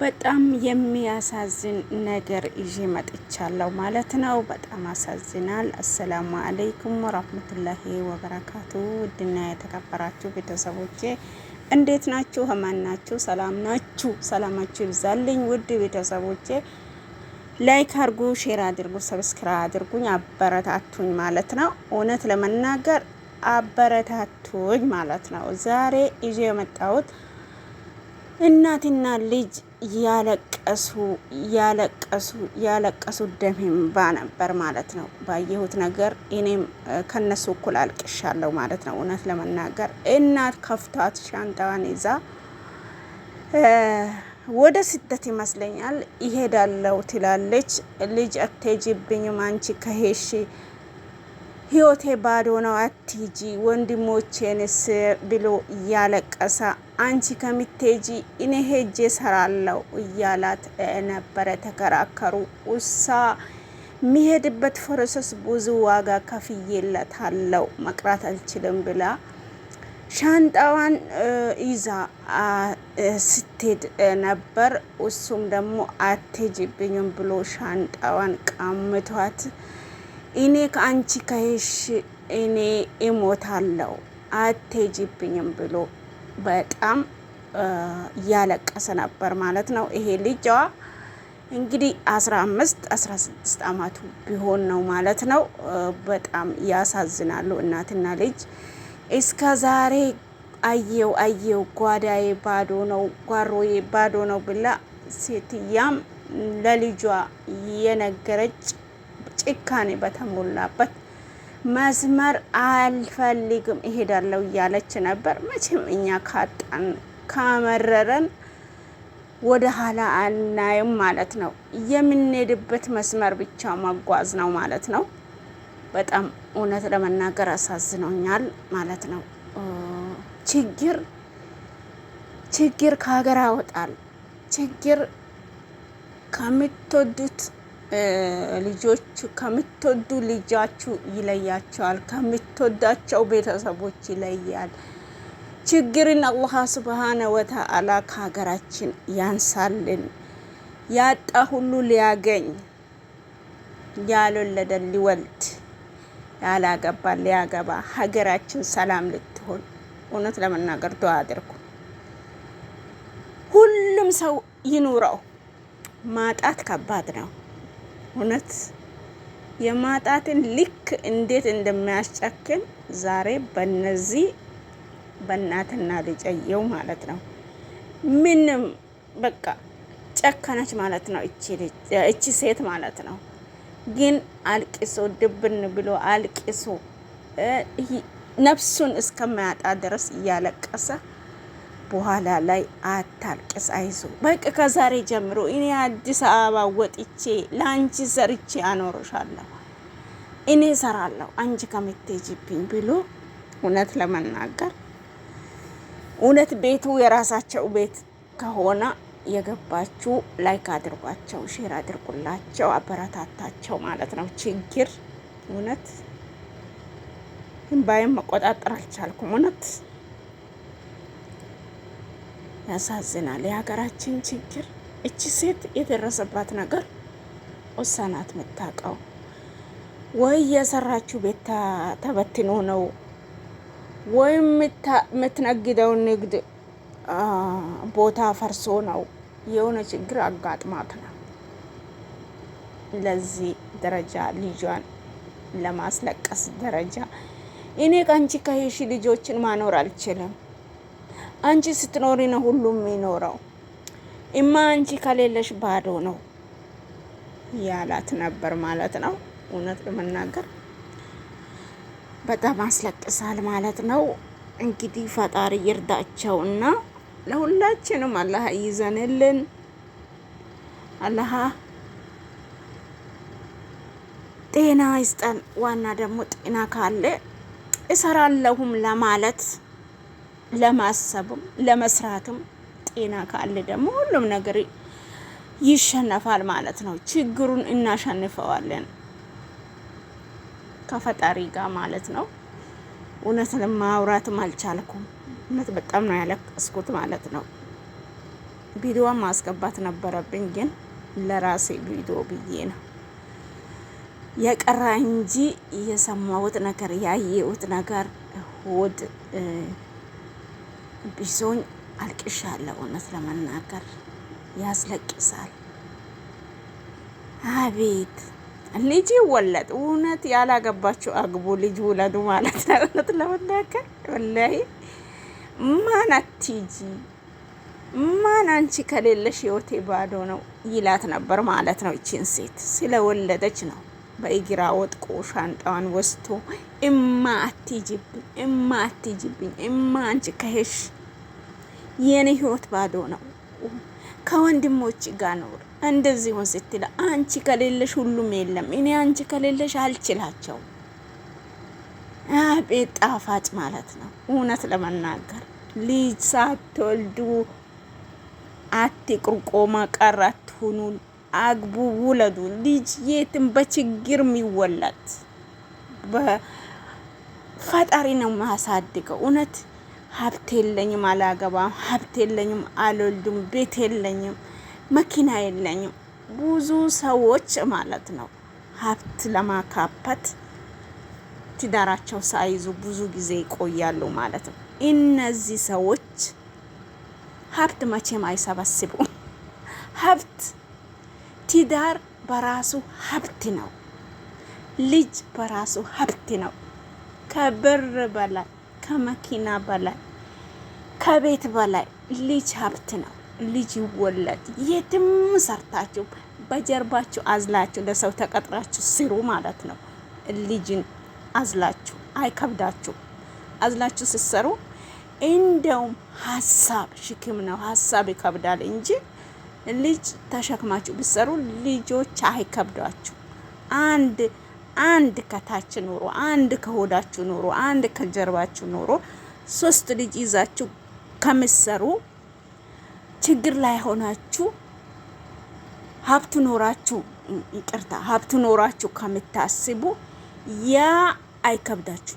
በጣም የሚያሳዝን ነገር ይዤ መጥቻለሁ ማለት ነው። በጣም አሳዝናል። አሰላሙ አለይኩም ወራህመቱላሂ ወበረካቱ። ውድና የተከበራችሁ ቤተሰቦቼ እንዴት ናችሁ? ህማን ናችሁ? ሰላም ናችሁ? ሰላማችሁ ይብዛልኝ። ውድ ቤተሰቦቼ ላይክ አድርጉ፣ ሼር አድርጉ፣ ሰብስክራ አድርጉኝ፣ አበረታቱኝ ማለት ነው። እውነት ለመናገር አበረታቱኝ ማለት ነው። ዛሬ ይዤ የመጣሁት እናትና ልጅ ያለቀሱ ያለቀሱ ያለቀሱ ደሜም ባ ነበር ማለት ነው። ባየሁት ነገር እኔም ከነሱ እኩል አልቅሻለሁ ማለት ነው። እውነት ለመናገር እናት ከፍቷት ሻንጣዋን ይዛ ወደ ስደት ይመስለኛል ይሄዳለው ትላለች። ልጅ አትሄጂብኝም አንቺ ከሄሽ ህይወቴ ባዶ ነው አትሂጂ ወንድሞቼንስ ብሎ እያለቀሰ አንቺ ከምትጂ እኔ ሄጄ ሰራለው እያላት ነበረ ተከራከሩ። ውሳ የሚሄድበት ፈረሰስ ብዙ ዋጋ ከፍዬለታለው መቅራት አልችልም ብላ ሻንጣዋን ይዛ ስትሄድ ነበር። እሱም ደግሞ አትሄጂብኝም ብሎ ሻንጣዋን ቀምቷት እኔ ከአንቺ ከሄሽ እኔ እሞታለሁ አትሄጂብኝም ብሎ በጣም እያለቀሰ ነበር ማለት ነው። ይሄ ልጅዋ እንግዲህ አስራ አምስት አስራ ስድስት አመቱ ቢሆን ነው ማለት ነው። በጣም ያሳዝናሉ እናትና ልጅ። እስከ ዛሬ አየው አየው ጓዳዬ ባዶ ነው፣ ጓሮዬ ባዶ ነው ብላ ሴትያም ለልጇ የነገረች ጭካኔ በተሞላበት መስመር አልፈልግም እሄዳለሁ እያለች ነበር። መቼም እኛ ካጣን ካመረረን ወደ ኋላ አናይም ማለት ነው። የምንሄድበት መስመር ብቻ መጓዝ ነው ማለት ነው። በጣም እውነት ለመናገር አሳዝኖኛል ማለት ነው። ችግር ችግር ከሀገር ያወጣል። ችግር ከምትወዱት ልጆች ከምትወዱ ልጃችሁ ይለያቸዋል፣ ከምትወዳቸው ቤተሰቦች ይለያል። ችግርን አላህ ስብሃነ ወተአላ ከሀገራችን ያንሳልን። ያጣ ሁሉ ሊያገኝ፣ ያልወለደ ሊወልድ፣ ያላገባ ሊያገባ፣ ሀገራችን ሰላም ልትሆን እውነት ለመናገር ዱዓ አድርጉ። ሁሉም ሰው ይኑረው። ማጣት ከባድ ነው። እውነት የማጣትን ልክ እንዴት እንደሚያስጨክን ዛሬ በነዚህ በእናትና ልጨየው ማለት ነው። ምንም በቃ ጨከነች ማለት ነው እቺ ሴት ማለት ነው። ግን አልቅሶ ድብን ብሎ አልቅሶ ነፍሱን እስከማያጣ ድረስ እያለቀሰ በኋላ ላይ አታልቅስ፣ አይዞ በቃ ከዛሬ ጀምሮ እኔ አዲስ አበባ ወጥቼ ለአንቺ ዘርቼ አኖርሻለሁ፣ እኔ ሰራለሁ አንቺ ከምትሄጂብኝ ብሎ እውነት ለመናገር እውነት ቤቱ የራሳቸው ቤት ከሆነ የገባችሁ ላይክ አድርጓቸው፣ ሼር አድርጉላቸው፣ አበረታታቸው ማለት ነው። ችግር እውነት እምባዬን መቆጣጠር አልቻልኩም እውነት ያሳዝናል። የሀገራችን ችግር እቺ ሴት የደረሰባት ነገር ወሰናት የምታውቀው ወይ የሰራችው ቤት ተበትኖ ነው ወይም የምትነግደው ንግድ ቦታ ፈርሶ ነው። የሆነ ችግር አጋጥማት ነው ለዚህ ደረጃ ልጇን ለማስለቀስ ደረጃ። እኔ ቀንቺ ከሄሺ ልጆችን ማኖር አልችልም። አንቺ ስትኖሪ ነው ሁሉም የሚኖረው። እማ አንቺ ከሌለሽ ባዶ ነው ያላት ነበር ማለት ነው። እውነት ለመናገር በጣም አስለቅሳል ማለት ነው። እንግዲህ ፈጣሪ ይርዳቸው እና ለሁላችንም አላህ ይዘንልን። አላህ ጤና ይስጠን። ዋና ደግሞ ጤና ካለ እሰራለሁም ለማለት ለማሰብም ለመስራትም ጤና ካለ ደግሞ ሁሉም ነገር ይሸነፋል ማለት ነው። ችግሩን እናሸንፈዋለን ከፈጣሪ ጋር ማለት ነው። እውነት ማውራትም አልቻልኩም። እውነት በጣም ነው ያለቀስኩት ማለት ነው። ቪዲዮ ማስገባት ነበረብኝ ግን ለራሴ ቪዲዮ ብዬ ነው የቀራ እንጂ የሰማሁት ነገር ያየሁት ነገር ሆድ ቢዞኝ አልቅሻለሁ። እውነት ለመናገር ያስለቅሳል። አቤት ልጅ ወለድ። እውነት ያላገባችሁ አግቡ፣ ልጅ ውለዱ ማለት ነው። እውነት ለመናገር ወላሂ ማን አትጂ ማን አንቺ ከሌለሽ ህይወቴ ባዶ ነው ይላት ነበር ማለት ነው። ይቺን ሴት ስለወለደች ነው በእግራ ወጥቆ ሻንጣዋን ወስቶ እማ አትጂብኝ፣ እማ አትጂብኝ፣ እማ አንቺ ከሄሽ የኔ ህይወት ባዶ ነው፣ ከወንድሞች ጋር ኖር ሆን ስትል አንቺ ከሌለሽ ሁሉም የለም። እኔ አንቺ ከሌለሽ አልችላቸው። ጣፋጭ ማለት ነው። እውነት ለመናገር ልጅ ሳትወልዱ አትቅሩ፣ ቆማ ቀር አትሁኑ፣ አግቡ፣ ውለዱ። ልጅ የትም በችግር የሚወለድ በፈጣሪ ነው ማሳድገው እውነት ሀብት የለኝም፣ አላገባም፣ ሀብት የለኝም፣ አልወልድም፣ ቤት የለኝም፣ መኪና የለኝም። ብዙ ሰዎች ማለት ነው ሀብት ለማካበት ትዳራቸው ሳይዙ ብዙ ጊዜ ይቆያሉ ማለት ነው። እነዚህ ሰዎች ሀብት መቼም አይሰበስቡ። ሀብት ትዳር በራሱ ሀብት ነው። ልጅ በራሱ ሀብት ነው። ከብር በላይ ከመኪና በላይ ከቤት በላይ ልጅ ሀብት ነው። ልጅ ይወለድ። የትም ሰርታችሁ በጀርባችሁ አዝላችሁ ለሰው ተቀጥራችሁ ስሩ ማለት ነው። ልጅን አዝላችሁ አይከብዳችሁ። አዝላችሁ ስትሰሩ እንደውም ሀሳብ ሽክም ነው። ሀሳብ ይከብዳል እንጂ ልጅ ተሸክማችሁ ብትሰሩ ልጆች አይከብዷችሁ። አንድ አንድ ከታች ኖሮ አንድ ከሆዳችሁ ኖሮ አንድ ከጀርባችሁ ኖሮ ሶስት ልጅ ይዛችሁ ከምሰሩ ችግር ላይ ሆናችሁ ሀብት ኖራችሁ ይቅርታ ሀብት ኖራችሁ ከምታስቡ ያ አይከብዳችሁ።